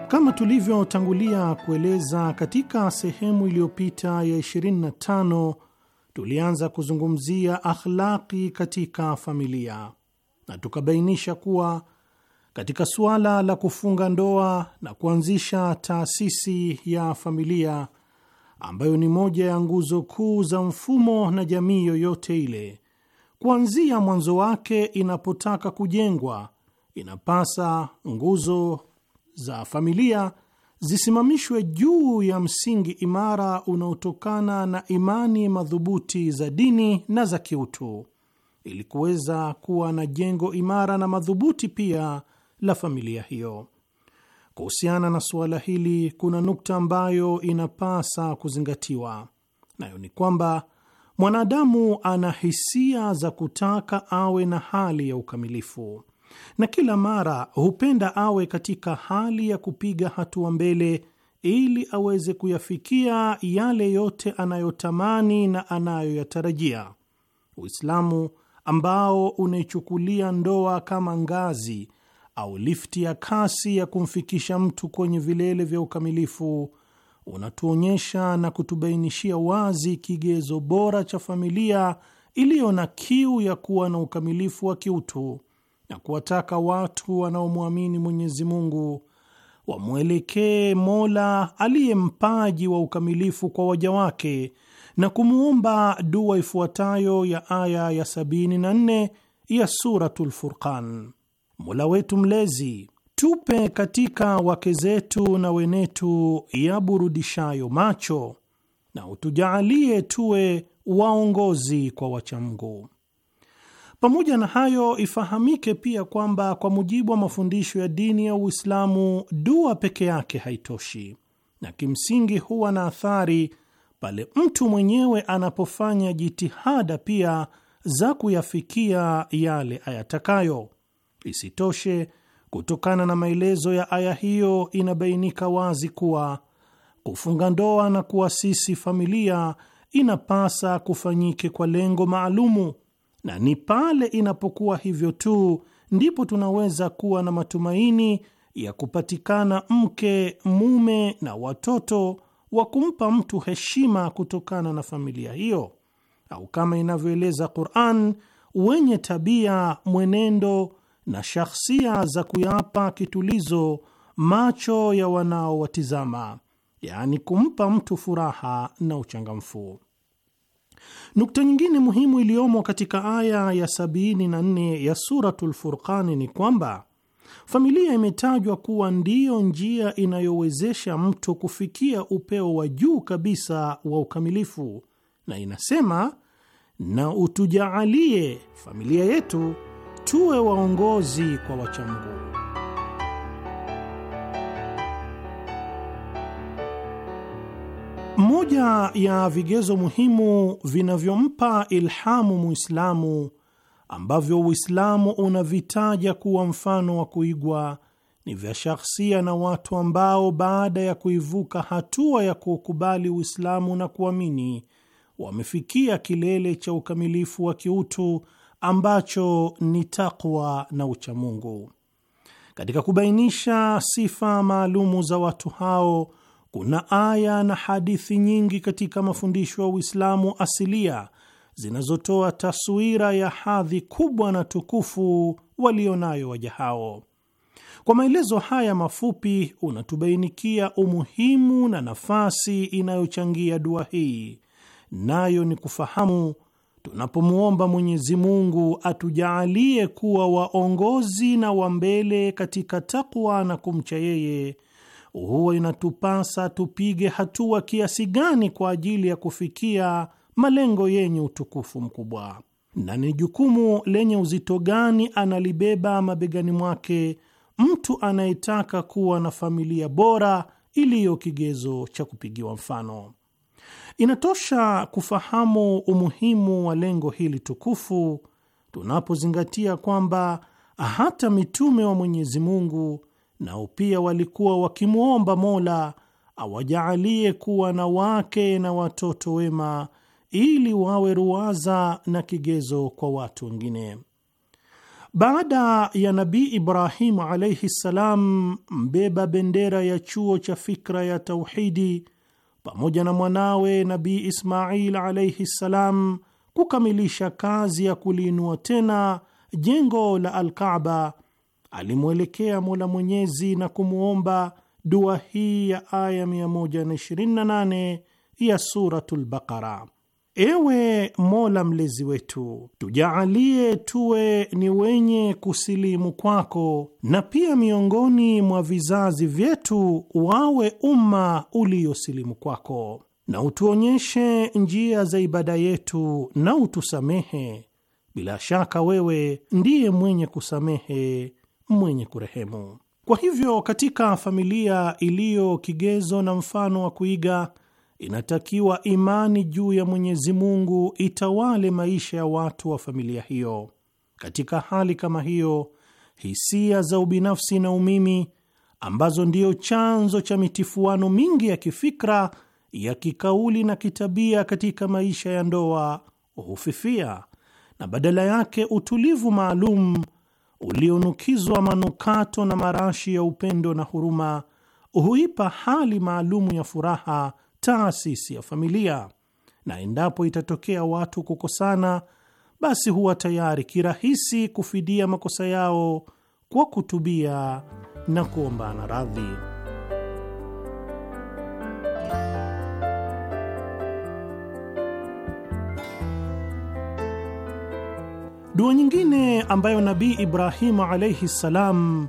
Kama tulivyotangulia kueleza katika sehemu iliyopita ya 25 tulianza kuzungumzia akhlaki katika familia na tukabainisha kuwa katika suala la kufunga ndoa na kuanzisha taasisi ya familia ambayo ni moja ya nguzo kuu za mfumo na jamii yoyote ile, kuanzia mwanzo wake inapotaka kujengwa, inapasa nguzo za familia zisimamishwe juu ya msingi imara unaotokana na imani madhubuti za dini na za kiutu, ili kuweza kuwa na jengo imara na madhubuti pia la familia hiyo. Kuhusiana na suala hili, kuna nukta ambayo inapasa kuzingatiwa, nayo ni kwamba mwanadamu ana hisia za kutaka awe na hali ya ukamilifu, na kila mara hupenda awe katika hali ya kupiga hatua mbele ili aweze kuyafikia yale yote anayotamani na anayoyatarajia. Uislamu ambao unaichukulia ndoa kama ngazi au lifti ya kasi ya kumfikisha mtu kwenye vilele vya ukamilifu unatuonyesha na kutubainishia wazi kigezo bora cha familia iliyo na kiu ya kuwa na ukamilifu wa kiutu na kuwataka watu wanaomwamini Mwenyezi Mungu wamwelekee Mola aliye mpaji wa ukamilifu kwa waja wake na kumwomba dua ifuatayo ya aya ya 74 ya Suratul Furqan: Mola wetu Mlezi, tupe katika wake zetu na wenetu yaburudishayo macho na utujaalie tuwe waongozi kwa wachamgu. Pamoja na hayo, ifahamike pia kwamba kwa mujibu wa mafundisho ya dini ya Uislamu, dua peke yake haitoshi, na kimsingi huwa na athari pale mtu mwenyewe anapofanya jitihada pia za kuyafikia yale ayatakayo. Isitoshe, kutokana na maelezo ya aya hiyo inabainika wazi kuwa kufunga ndoa na kuasisi familia inapasa kufanyike kwa lengo maalumu, na ni pale inapokuwa hivyo tu ndipo tunaweza kuwa na matumaini ya kupatikana mke, mume na watoto wa kumpa mtu heshima kutokana na familia hiyo, au kama inavyoeleza Qur'an, wenye tabia, mwenendo na shakhsia za kuyapa kitulizo macho ya wanaowatizama, yaani kumpa mtu furaha na uchangamfu. Nukta nyingine muhimu iliyomo katika aya ya 74 ya Suratul Furqani ni kwamba familia imetajwa kuwa ndiyo njia inayowezesha mtu kufikia upeo wa juu kabisa wa ukamilifu, na inasema na utujaalie familia yetu tuwe waongozi kwa wachamungu. Moja ya vigezo muhimu vinavyompa ilhamu Muislamu ambavyo Uislamu unavitaja kuwa mfano wa kuigwa ni vya shakhsia na watu ambao baada ya kuivuka hatua ya kuukubali Uislamu na kuamini wamefikia kilele cha ukamilifu wa kiutu ambacho ni takwa na uchamungu. Katika kubainisha sifa maalumu za watu hao kuna aya na hadithi nyingi katika mafundisho ya Uislamu asilia zinazotoa taswira ya hadhi kubwa na tukufu walionayo waja hao. Kwa maelezo haya mafupi, unatubainikia umuhimu na nafasi inayochangia dua hii, nayo ni kufahamu tunapomwomba Mwenyezi Mungu atujaalie kuwa waongozi na wa mbele katika takwa na kumcha yeye, huwa inatupasa tupige hatua kiasi gani kwa ajili ya kufikia malengo yenye utukufu mkubwa, na ni jukumu lenye uzito gani analibeba mabegani mwake mtu anayetaka kuwa na familia bora iliyo kigezo cha kupigiwa mfano. Inatosha kufahamu umuhimu wa lengo hili tukufu tunapozingatia kwamba hata mitume wa Mwenyezi Mungu nao pia walikuwa wakimwomba Mola awajaalie kuwa na wake na watoto wema ili wawe ruwaza na kigezo kwa watu wengine. Baada ya Nabii Ibrahimu alaihi ssalam, mbeba bendera ya chuo cha fikra ya tauhidi pamoja na mwanawe Nabii Ismail alaihi ssalam kukamilisha kazi ya kuliinua tena jengo la Alkaaba, alimwelekea Mola Mwenyezi na kumwomba dua hii ya aya 128 ya Suratu Lbaqara. Ewe Mola mlezi wetu, tujaalie tuwe ni wenye kusilimu kwako, na pia miongoni mwa vizazi vyetu wawe umma uliosilimu kwako, na utuonyeshe njia za ibada yetu na utusamehe. Bila shaka wewe ndiye mwenye kusamehe, mwenye kurehemu. Kwa hivyo, katika familia iliyo kigezo na mfano wa kuiga inatakiwa imani juu ya Mwenyezi Mungu itawale maisha ya watu wa familia hiyo. Katika hali kama hiyo, hisia za ubinafsi na umimi ambazo ndiyo chanzo cha mitifuano mingi ya kifikra, ya kikauli na kitabia katika maisha ya ndoa hufifia na badala yake utulivu maalum ulionukizwa manukato na marashi ya upendo na huruma huipa hali maalumu ya furaha taasisi ya familia, na endapo itatokea watu kukosana, basi huwa tayari kirahisi kufidia makosa yao kwa kutubia na kuombana radhi. Dua nyingine ambayo Nabii Ibrahimu alaihi ssalam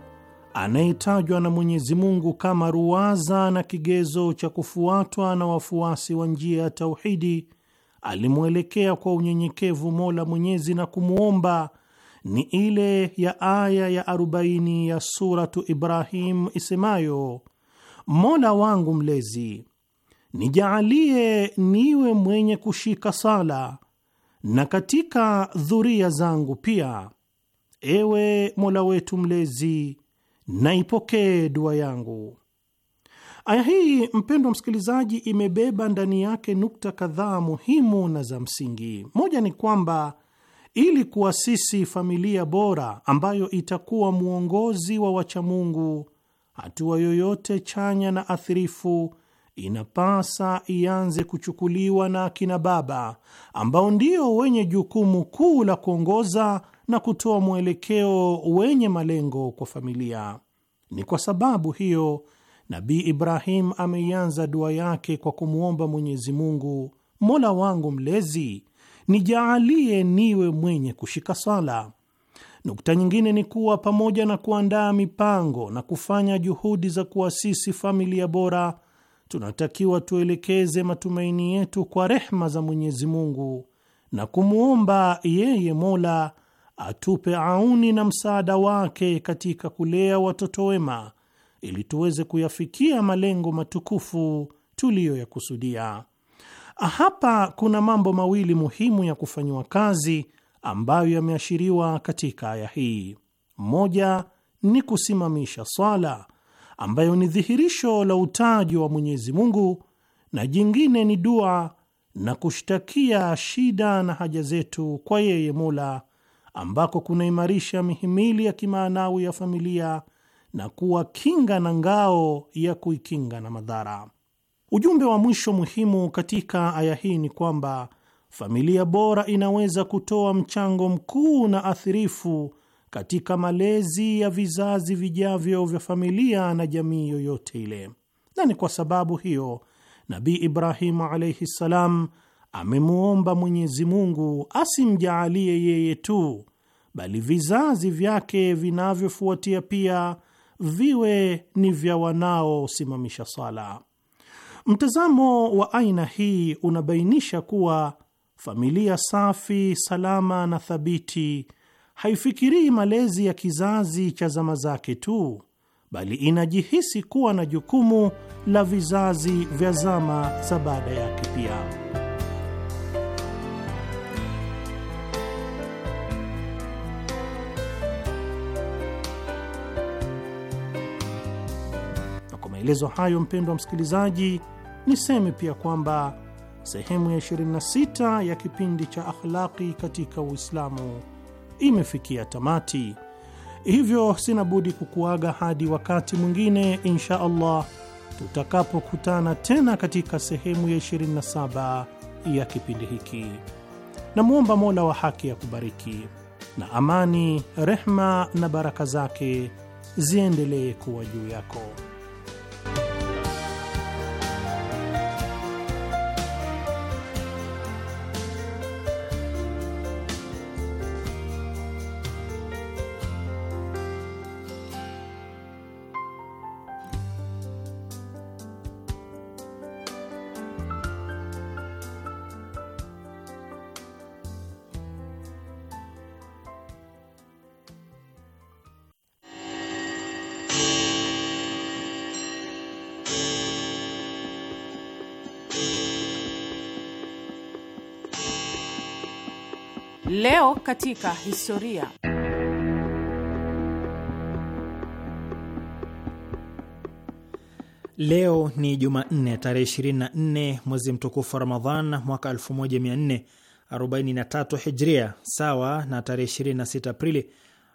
anayetajwa na Mwenyezi Mungu kama ruwaza na kigezo cha kufuatwa na wafuasi wa njia ya tauhidi, alimwelekea kwa unyenyekevu Mola Mwenyezi na kumwomba ni ile ya aya ya 40 ya Suratu Ibrahim isemayo: Mola wangu mlezi, nijaalie niwe mwenye kushika sala na katika dhuria zangu pia. Ewe Mola wetu mlezi naipokee dua yangu. Aya hii mpendwa msikilizaji, imebeba ndani yake nukta kadhaa muhimu na za msingi. Moja ni kwamba ili kuasisi familia bora ambayo itakuwa mwongozi wa wachamungu, hatua yoyote chanya na athirifu inapasa ianze kuchukuliwa na akina baba ambao ndio wenye jukumu kuu la kuongoza na kutoa mwelekeo wenye malengo kwa familia. Ni kwa sababu hiyo Nabii Ibrahim ameianza dua yake kwa kumwomba Mwenyezi Mungu, Mola wangu Mlezi, nijaalie niwe mwenye kushika sala. Nukta nyingine ni kuwa pamoja na kuandaa mipango na kufanya juhudi za kuasisi familia bora, tunatakiwa tuelekeze matumaini yetu kwa rehma za Mwenyezi Mungu na kumwomba yeye Mola atupe auni na msaada wake katika kulea watoto wema ili tuweze kuyafikia malengo matukufu tuliyoyakusudia. Hapa kuna mambo mawili muhimu ya kufanyiwa kazi ambayo yameashiriwa katika aya hii. Moja ni kusimamisha swala ambayo ni dhihirisho la utaji wa Mwenyezi Mungu, na jingine ni dua na kushtakia shida na haja zetu kwa yeye Mola ambako kunaimarisha mihimili ya kimaanawi ya familia na kuwa kinga na ngao ya kuikinga na madhara. Ujumbe wa mwisho muhimu katika aya hii ni kwamba familia bora inaweza kutoa mchango mkuu na athirifu katika malezi ya vizazi vijavyo vya familia na jamii yoyote ile, na ni kwa sababu hiyo Nabii Ibrahimu alaihi ssalam amemwomba Mwenyezi Mungu asimjaalie yeye tu, bali vizazi vyake vinavyofuatia pia viwe ni vya wanaosimamisha sala. Mtazamo wa aina hii unabainisha kuwa familia safi, salama na thabiti haifikirii malezi ya kizazi cha zama zake tu, bali inajihisi kuwa na jukumu la vizazi vya zama za baada yake pia. maelezo hayo, mpendwa msikilizaji, niseme pia kwamba sehemu ya 26 ya kipindi cha akhlaqi katika Uislamu imefikia tamati, hivyo sina budi kukuaga hadi wakati mwingine insha Allah tutakapokutana tena katika sehemu ya 27 ya kipindi hiki. Namwomba Mola wa haki ya kubariki na amani, rehma na baraka zake ziendelee kuwa juu yako. Leo katika historia. Leo ni Jumanne tarehe 24 mwezi mtukufu wa Ramadhan mwaka 1443 Hijria, sawa na tarehe 26 Aprili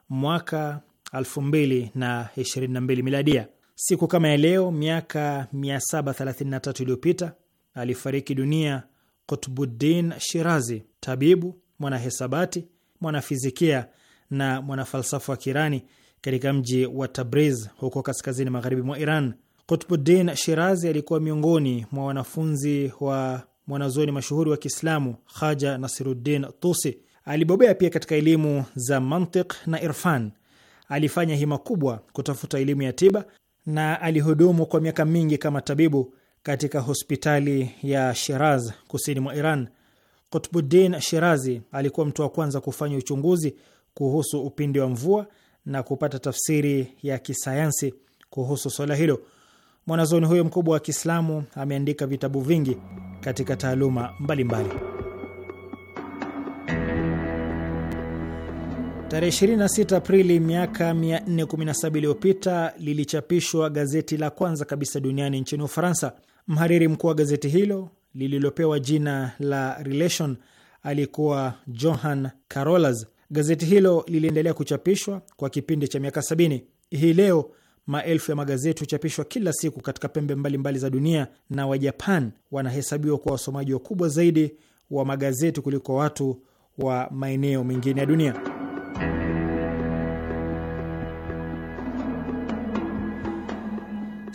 mwaka 2022 Miladia. Siku kama ya leo miaka 733 iliyopita alifariki dunia Kutbuddin Shirazi, tabibu mwanahesabati, mwanafizikia na mwanafalsafa wa Kirani katika mji wa Tabriz huko kaskazini magharibi mwa Iran. Kutbuddin Shirazi alikuwa miongoni mwa wanafunzi wa mwanazuoni mashuhuri wa Kiislamu Haja Nasiruddin Tusi. Alibobea pia katika elimu za mantiq na irfan. Alifanya hima kubwa kutafuta elimu ya tiba na alihudumu kwa miaka mingi kama tabibu katika hospitali ya Shiraz kusini mwa Iran. Kutbuddin Shirazi alikuwa mtu wa kwanza kufanya uchunguzi kuhusu upindi wa mvua na kupata tafsiri ya kisayansi kuhusu swala hilo. mwanazoni huyo mkubwa wa Kiislamu ameandika vitabu vingi katika taaluma mbalimbali. Tarehe 26 Aprili miaka 417 iliyopita lilichapishwa gazeti la kwanza kabisa duniani nchini Ufaransa. Mhariri mkuu wa gazeti hilo lililopewa jina la Relation alikuwa johan carolas Gazeti hilo liliendelea kuchapishwa kwa kipindi cha miaka sabini. Hii leo maelfu ya magazeti huchapishwa kila siku katika pembe mbalimbali mbali za dunia, na Wajapan wanahesabiwa kuwa wasomaji wakubwa zaidi wa magazeti kuliko watu wa maeneo mengine ya dunia.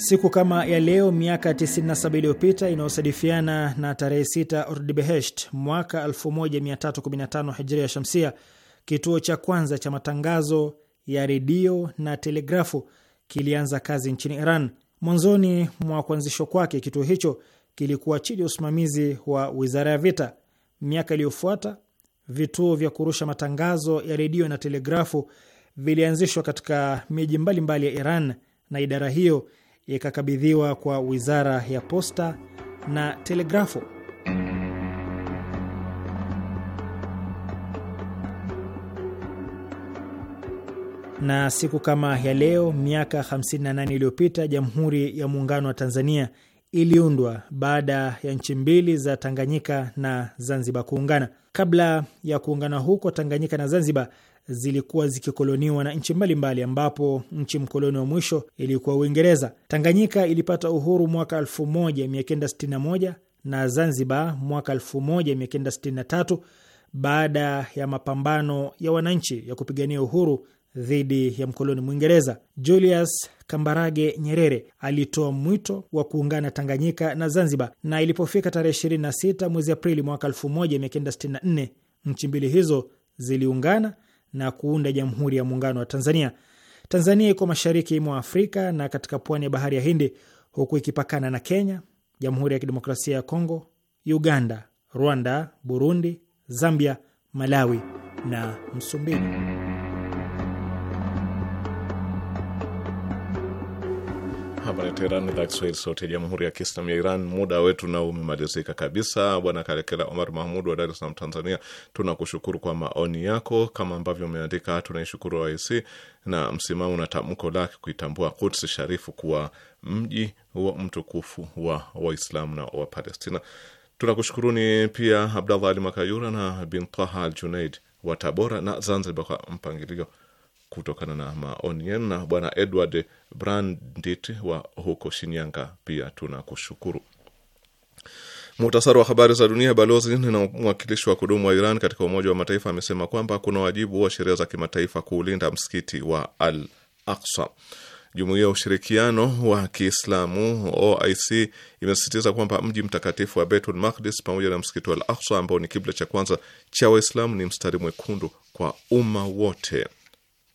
Siku kama ya leo miaka 97 iliyopita inayosadifiana na tarehe 6 Ordibehesht mwaka 1315 Hijria Shamsia, kituo cha kwanza cha matangazo ya redio na telegrafu kilianza kazi nchini Iran. Mwanzoni mwa kuanzishwa kwake, kituo hicho kilikuwa chini ya usimamizi wa wizara ya vita. Miaka iliyofuata vituo vya kurusha matangazo ya redio na telegrafu vilianzishwa katika miji mbalimbali ya Iran na idara hiyo yakakabidhiwa kwa wizara ya posta na telegrafo. Na siku kama ya leo miaka 58 iliyopita Jamhuri ya Muungano wa Tanzania iliundwa baada ya nchi mbili za Tanganyika na Zanzibar kuungana. Kabla ya kuungana huko, Tanganyika na Zanzibar zilikuwa zikikoloniwa na nchi mbalimbali, ambapo nchi mkoloni wa mwisho ilikuwa Uingereza. Tanganyika ilipata uhuru mwaka 1961 na Zanzibar mwaka 1963 baada ya mapambano ya wananchi ya kupigania uhuru dhidi ya mkoloni Mwingereza. Julius Kambarage Nyerere alitoa mwito wa kuungana Tanganyika na Zanzibar, na ilipofika tarehe 26 mwezi Aprili mwaka 1964 nchi mbili hizo ziliungana na kuunda Jamhuri ya Muungano wa Tanzania. Tanzania iko mashariki mwa Afrika na katika pwani ya bahari ya Hindi, huku ikipakana na Kenya, Jamhuri ya Kidemokrasia ya Kongo, Uganda, Rwanda, Burundi, Zambia, Malawi na Msumbiji. hapa ni Teheran, idhaa Kiswahili, sauti ya jamhuri ya kiislamu ya Iran. Muda wetu nao umemalizika kabisa. Bwana Kalekela Omar Mahmud wa Dar es Salaam, Tanzania, tunakushukuru kwa maoni yako. Kama ambavyo umeandika, tunaishukuru OIC na msimamo na tamko lake kuitambua Quds sharifu kuwa mji wa mtukufu wa Waislamu na wa Palestina. Tunakushukuruni pia Abdallah Ali Makayura na bin Taha Al Junaid wa Tabora na Zanzibar kwa mpangilio kutokana na maoni yenu. Na bwana Edward Brandit wa huko Shinyanga, pia tunakushukuru. Muhtasari wa habari za dunia. Balozi na mwakilishi wa kudumu wa Iran katika Umoja wa Mataifa amesema kwamba kuna wajibu wa sheria za kimataifa kuulinda msikiti wa Al Aqsa. Jumuiya ya Ushirikiano wa Kiislamu OIC imesisitiza kwamba mji mtakatifu wa Betul Makdis pamoja na msikiti wa Al Aqsa ambao ni kibla cha kwanza cha Waislamu ni mstari mwekundu kwa umma wote